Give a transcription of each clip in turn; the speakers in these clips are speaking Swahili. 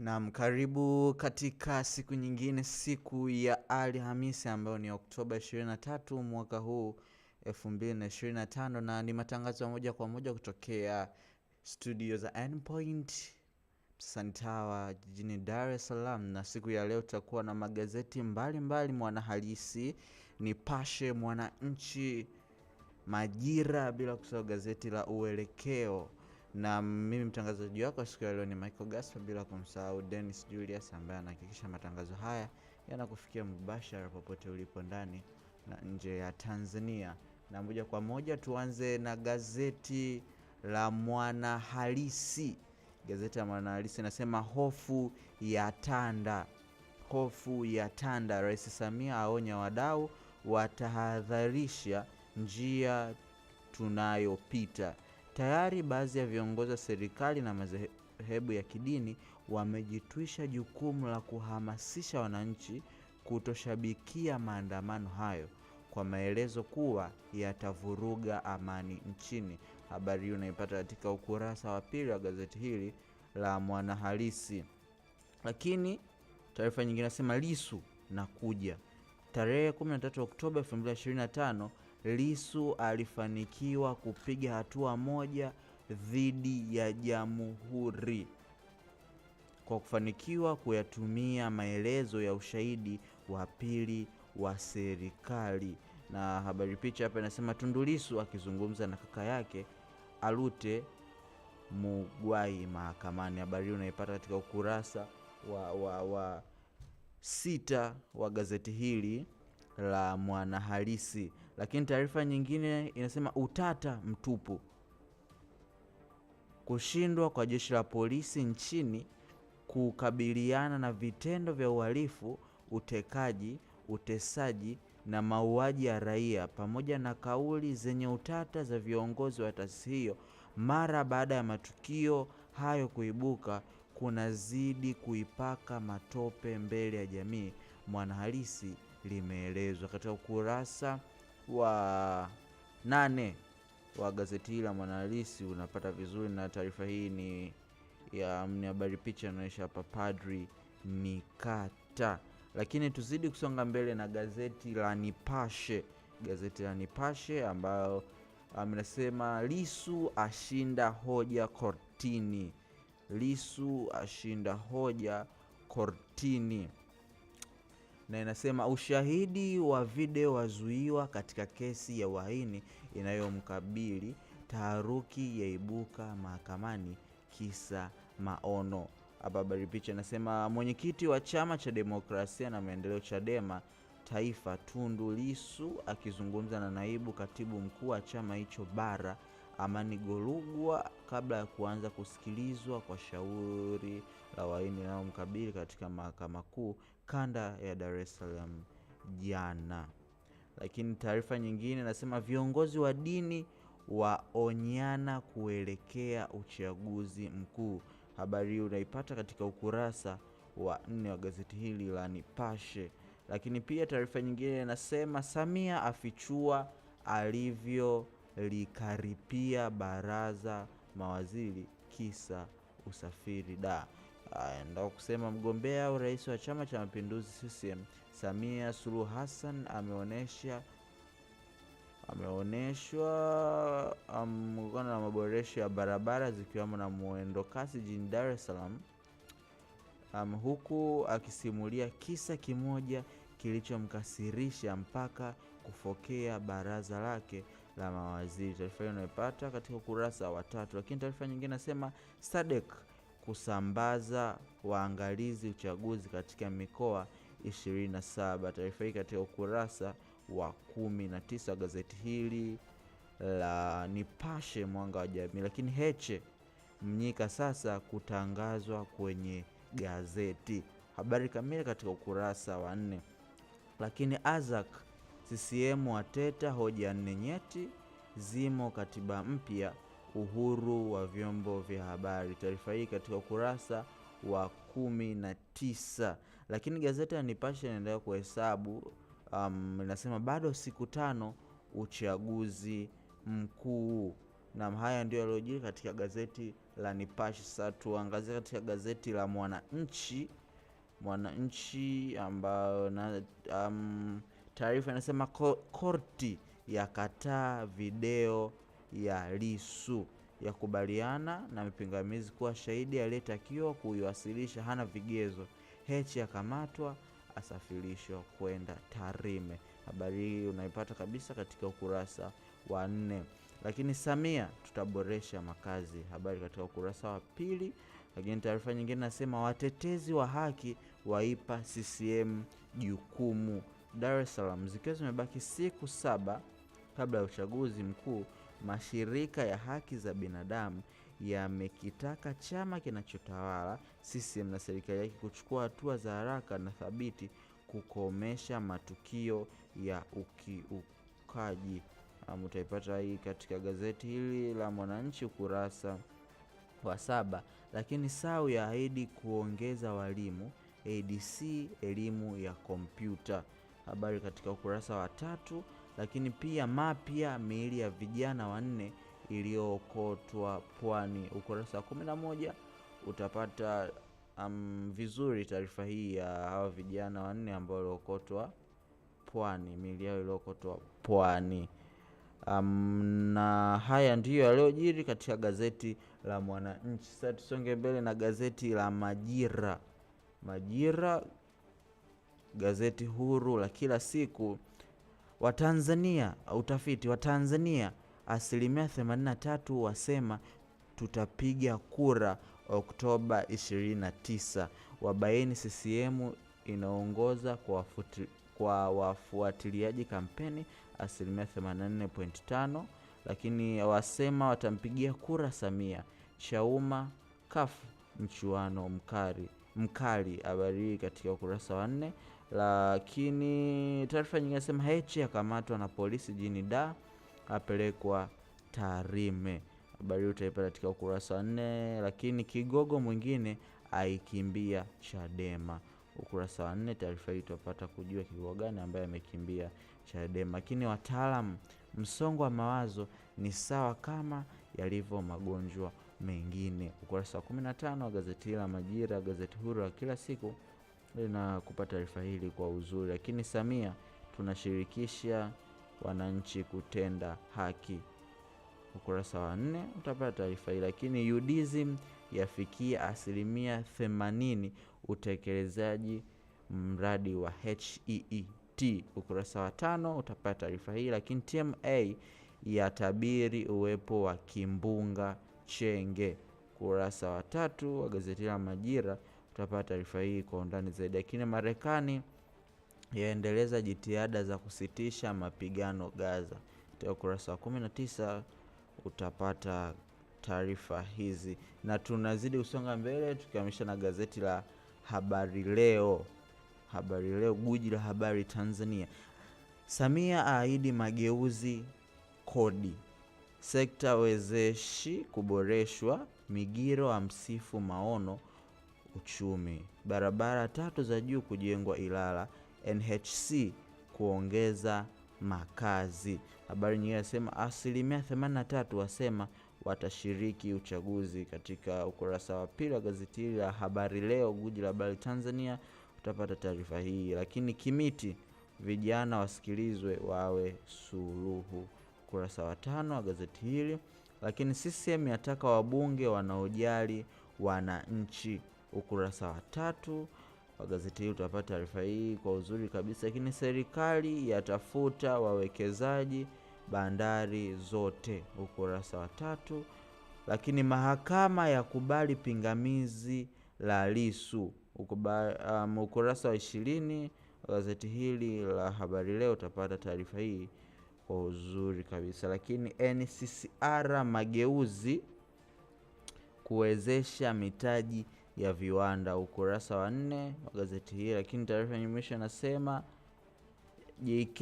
Naam, karibu katika siku nyingine, siku ya Alhamisi ambayo ni Oktoba 23 mwaka huu 225 na ni matangazo ya moja kwa moja kutokea studio za nPoint Santawa jijini Dar es Salaam. Na siku ya leo tutakuwa na magazeti mbalimbali: Mwanahalisi, pashe Mwananchi, Majira, bila kusahau gazeti la Uelekeo na mimi mtangazaji wako siku ya leo ni Michael Gaspa, bila kumsahau Dennis Julius ambaye anahakikisha matangazo haya yanakufikia mubashara popote ulipo ndani na nje ya Tanzania. Na moja kwa moja tuanze na gazeti la Mwana Halisi. Gazeti la Mwana Halisi inasema hofu ya tanda, hofu ya tanda. Rais Samia aonya wadau, watahadharisha njia tunayopita Tayari baadhi ya viongozi wa serikali na madhehebu ya kidini wamejitwisha jukumu la kuhamasisha wananchi kutoshabikia maandamano hayo kwa maelezo kuwa yatavuruga amani nchini. Habari hii unaipata katika ukurasa wa pili wa gazeti hili la Mwanahalisi. Lakini taarifa nyingine nasema Lisu na kuja tarehe 13 Oktoba 2025 lisu alifanikiwa kupiga hatua moja dhidi ya jamhuri kwa kufanikiwa kuyatumia maelezo ya ushahidi wa pili wa serikali. Na habari picha hapa inasema Tundu lisu akizungumza na kaka yake Alute Mugwai mahakamani. Habari hii unaipata katika ukurasa wa, wa, wa sita wa gazeti hili la Mwanahalisi. Lakini taarifa nyingine inasema utata mtupu, kushindwa kwa jeshi la polisi nchini kukabiliana na vitendo vya uhalifu, utekaji, utesaji na mauaji ya raia, pamoja na kauli zenye utata za viongozi wa taasisi hiyo mara baada ya matukio hayo kuibuka, kunazidi kuipaka matope mbele ya jamii. Mwanahalisi limeelezwa katika ukurasa wa nane wa gazeti hili la Mwanahalisi unapata vizuri, na taarifa hii ni ya habari, picha inaonyesha hapa Padri Nikata. Lakini tuzidi kusonga mbele na gazeti la Nipashe, gazeti la Nipashe ambayo amnasema um, Lisu ashinda hoja kortini, Lisu ashinda hoja kortini na inasema ushahidi wa video wazuiwa katika kesi ya uhaini inayomkabili. Taharuki yaibuka mahakamani kisa maono. Hapa habari picha inasema mwenyekiti wa chama cha demokrasia na maendeleo Chadema taifa Tundu lisu akizungumza na naibu katibu mkuu wa chama hicho bara Amani Golugwa kabla ya kuanza kusikilizwa kwa shauri la waini inayomkabili katika mahakama kuu kanda ya Dar es Salaam jana. Lakini taarifa nyingine inasema viongozi wa dini waonyana kuelekea uchaguzi mkuu. Habari hii unaipata katika ukurasa wa nne wa gazeti hili la Nipashe. Lakini pia taarifa nyingine inasema Samia afichua alivyolikaripia baraza mawaziri kisa usafiri da Aenda kusema mgombea au rais wa Chama cha Mapinduzi CCM Samia Suluhu Hassan ameonyesha ameonyeshwa mkono um, na maboresho ya barabara zikiwemo na mwendokasi jijini Dar es Salaam, um, huku akisimulia kisa kimoja kilichomkasirisha mpaka kufokea baraza lake la mawaziri. Taarifa hiyo unaipata katika ukurasa wa tatu, lakini taarifa nyingine nasema sadek kusambaza waangalizi uchaguzi katika mikoa 27. Taarifa hii katika ukurasa wa 19 wa gazeti hili la Nipashe Mwanga wa Jamii. Lakini Heche Mnyika sasa kutangazwa kwenye gazeti, habari kamili katika ukurasa wa nne. Lakini Azak CCM wateta hoja nne nyeti zimo katiba mpya uhuru wa vyombo vya habari. Taarifa hii katika ukurasa wa kumi na tisa. Lakini gazeti ya Nipashe inaendelea kuhesabu um, linasema, um, bado siku tano uchaguzi mkuu. Na haya ndio yaliyojiri katika gazeti la Nipashe. Sasa tuangazie katika gazeti la Mwananchi. Mwananchi ambayo na um, taarifa inasema korti yakataa video ya Lissu ya kubaliana na mpingamizi kuwa shahidi aliyetakiwa kuiwasilisha hana vigezo. Heche akamatwa asafirishwa kwenda Tarime. Habari hii unaipata kabisa katika ukurasa wa nne. Lakini Samia, tutaboresha makazi, habari katika ukurasa wa pili. Lakini taarifa nyingine nasema watetezi wa haki waipa CCM jukumu Dar es Salaam, zikiwa zimebaki siku saba kabla ya uchaguzi mkuu. Mashirika ya haki za binadamu yamekitaka chama kinachotawala CCM na serikali yake kuchukua hatua za haraka na thabiti kukomesha matukio ya ukiukaji. Mtaipata hii katika gazeti hili la Mwananchi ukurasa wa saba. Lakini SAU yaahidi kuongeza walimu ADC elimu ya kompyuta, habari katika ukurasa wa tatu lakini pia mapya miili ya vijana wanne iliyookotwa pwani. Ukurasa wa kumi na moja utapata um, vizuri taarifa hii ya hawa vijana wanne ambao waliokotwa pwani, miili yao iliokotwa pwani. Um, na haya ndiyo yaliyojiri katika gazeti la Mwananchi. Sasa tusonge mbele na gazeti la Majira. Majira, gazeti huru la kila siku Watanzania, utafiti wa Tanzania, asilimia 83 wasema tutapiga kura Oktoba 29, wabaini CCM inaongoza kwa, kwa wafuatiliaji kampeni asilimia 84.5, lakini wasema watampigia kura Samia. Chauma kafu mchuano mkali. Habari hii katika ukurasa wa nne lakini taarifa nyingine nasema Heche akamatwa na polisi jini da apelekwa Tarime. Habari utaipata katika ukurasa wa nne. Lakini kigogo mwingine aikimbia Chadema, ukurasa wa nne. Taarifa hii tutapata kujua kigogo gani ambaye amekimbia Chadema. Lakini wataalamu, msongo wa mawazo ni sawa kama yalivyo magonjwa mengine, ukurasa wa 15 wa gazeti la Majira, gazeti huru la kila siku na kupa taarifa hili kwa uzuri. Lakini Samia, tunashirikisha wananchi kutenda haki, ukurasa wa nne utapata taarifa hii. Lakini UDSM yafikia asilimia themanini utekelezaji mradi wa HEET, ukurasa wa tano utapata taarifa hii. Lakini TMA yatabiri uwepo wa kimbunga Chenge, ukurasa wa tatu wa gazeti la Majira tutapata taarifa hii kwa undani zaidi. Lakini Marekani yaendeleza jitihada za kusitisha mapigano Gaza. Katika ukurasa wa 19 utapata taarifa hizi, na tunazidi kusonga mbele tukiamisha na gazeti la Habari Leo. Habari Leo, guji la habari Tanzania. Samia aahidi mageuzi kodi, sekta wezeshi kuboreshwa. Migiro amsifu maono uchumi. Barabara tatu za juu kujengwa Ilala, NHC kuongeza makazi. Habari nyingine inasema asilimia 83 wasema watashiriki uchaguzi. Katika ukurasa wa pili wa gazeti hili la Habari Leo, guji la habari Tanzania, utapata taarifa hii. Lakini Kimiti, vijana wasikilizwe wawe suluhu, ukurasa wa tano wa gazeti hili. Lakini CCM yataka wabunge wanaojali wananchi ukurasa wa tatu wa gazeti hili utapata taarifa hii kwa uzuri kabisa. Lakini serikali yatafuta wawekezaji bandari zote, ukurasa wa tatu. Lakini mahakama yakubali pingamizi la lisu um, ukurasa wa ishirini wa gazeti hili la Habari Leo utapata taarifa hii kwa uzuri kabisa. Lakini NCCR mageuzi kuwezesha mitaji ya viwanda, ukurasa wa nne wa gazeti hii Lakini taarifa yenye mwisho inasema JK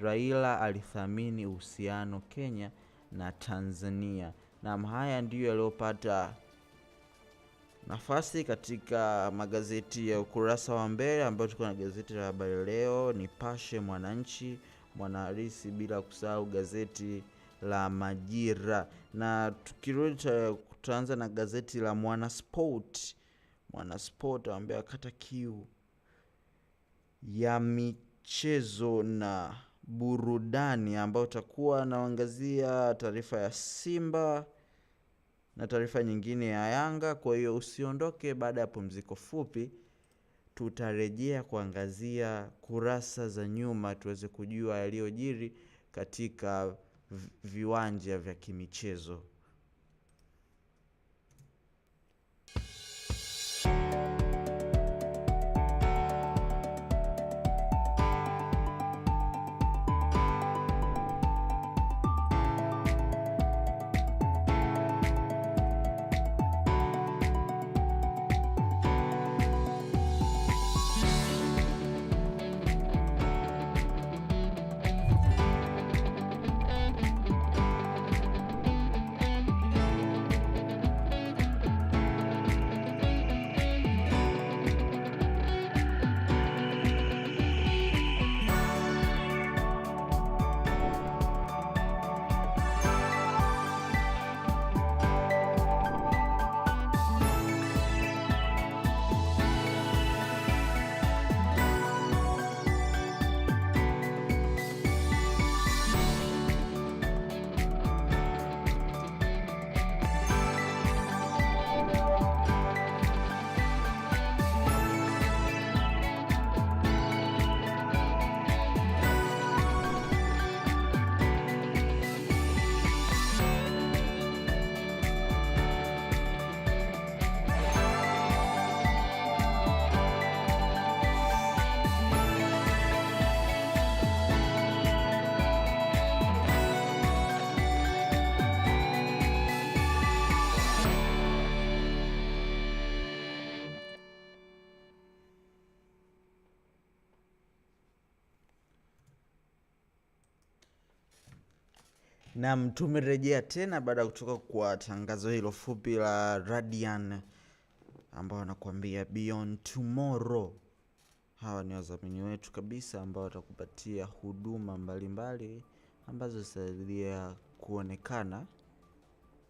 Raila alithamini uhusiano Kenya na Tanzania. Naam, haya ndiyo yaliyopata nafasi katika magazeti ya ukurasa wa mbele, ambayo tuko na gazeti la Habari Leo, Nipashe, Mwananchi, Mwanahalisi, bila kusahau gazeti la Majira. Na tukirudi Tutaanza na gazeti la Mwanasport. Mwanasport ambaye akata kiu ya michezo na burudani, ambayo utakuwa naangazia taarifa ya Simba na taarifa nyingine ya Yanga. Kwa hiyo usiondoke, baada ya pumziko fupi tutarejea kuangazia kurasa za nyuma tuweze kujua yaliyojiri katika viwanja vya kimichezo. nam tumerejea tena baada ya kutoka kwa tangazo hilo fupi la Radian ambao wanakuambia Beyond Tomorrow. Hawa ni wazamini wetu kabisa ambao watakupatia huduma mbalimbali mbali, ambazo zitasaidia kuonekana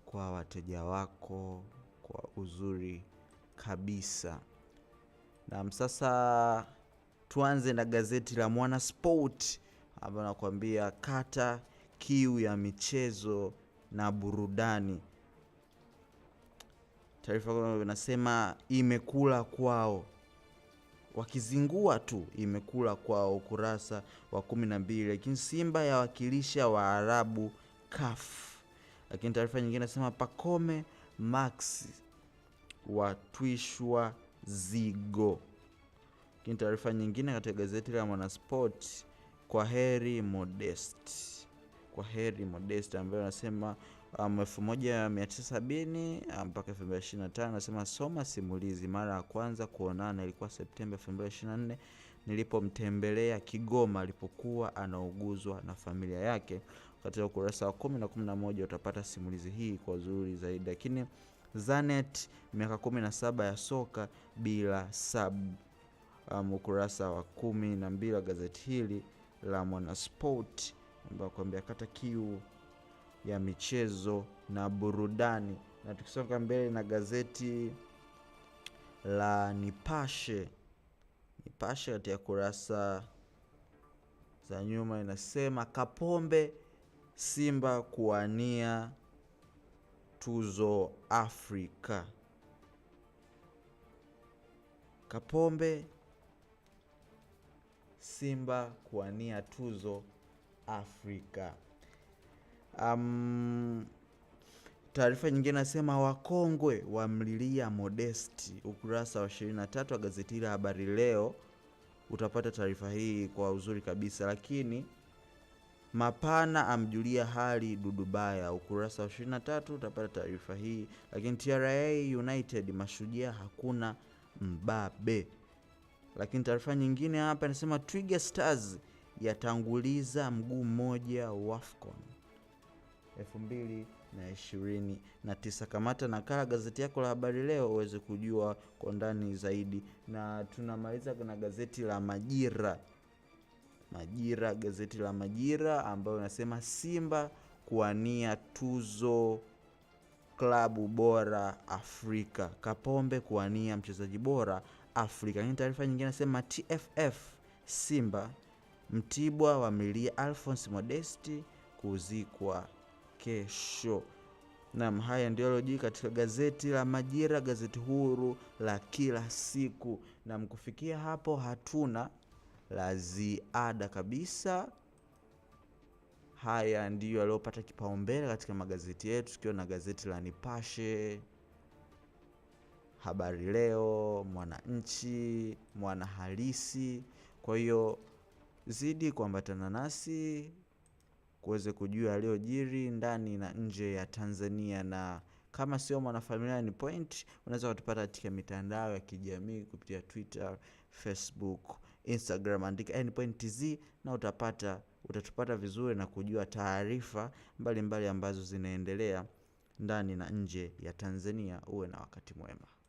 kwa wateja wako kwa uzuri kabisa. nam sasa tuanze na gazeti la Mwana Sport ambao nakuambia kata kiu ya michezo na burudani. Taarifa inasema imekula kwao, wakizingua tu imekula kwao, ukurasa wa kumi na mbili. Lakini Simba ya wakilisha Waarabu kaf Lakini taarifa nyingine nasema pakome Max watwishwa zigo. Lakini taarifa nyingine katika gazeti la mwanaspot kwa heri modesti kwa heri Modesta ambaye anasema um, 1970 um, mpaka 2025. Anasema soma simulizi. Mara ya kwanza kuonana ilikuwa Septemba 2024 nilipomtembelea Kigoma alipokuwa anauguzwa na familia yake. Katika ukurasa wa kumi na kumi na moja utapata simulizi hii kwa uzuri zaidi, lakini Zanet miaka kumi na saba ya soka bila sub um, ukurasa wa kumi na mbili wa gazeti hili la Mwanasport ambayo kuambia kata kiu ya michezo na burudani. Na tukisonga mbele na gazeti la Nipashe, Nipashe katika kurasa za nyuma inasema Kapombe Simba kuwania tuzo Afrika. Kapombe Simba kuwania tuzo Afrika. Um, taarifa nyingine nasema wakongwe wamlilia Modesti. Ukurasa wa 23 wa gazeti la Habari Leo utapata taarifa hii kwa uzuri kabisa, lakini Mapana amjulia hali Dudubaya, ukurasa wa 23 utapata taarifa hii. Lakini TRA United mashujaa hakuna mbabe. Lakini taarifa nyingine hapa inasema Twiga Stars yatanguliza mguu mmoja Wafcon 2029. Kamata nakala gazeti yako la habari leo uweze kujua kwa ndani zaidi, na tunamaliza na gazeti la Majira. Majira, gazeti la Majira ambayo nasema Simba kuania tuzo klabu bora Afrika, Kapombe kuwania mchezaji bora Afrika. Lakini taarifa nyingine nasema TFF Simba Mtibwa wa milia Alphonse Modesti kuzikwa kesho. Naam, haya ndio yalojiri katika gazeti la Majira, gazeti huru la kila siku. Na mkufikia hapo, hatuna la ziada kabisa. Haya ndiyo yaliyopata kipaumbele katika magazeti yetu, tukiwa na gazeti la Nipashe, Habari Leo, Mwananchi, Mwanahalisi. Kwa hiyo Zidi kuambatana nasi kuweze kujua yaliyojiri ndani na nje ya Tanzania, na kama sio mwanafamilia ni point, unaweza kutupata katika mitandao ya kijamii kupitia Twitter, Facebook, Instagram, andika N Point na utapata utatupata vizuri na kujua taarifa mbalimbali ambazo zinaendelea ndani na nje ya Tanzania. Uwe na wakati mwema.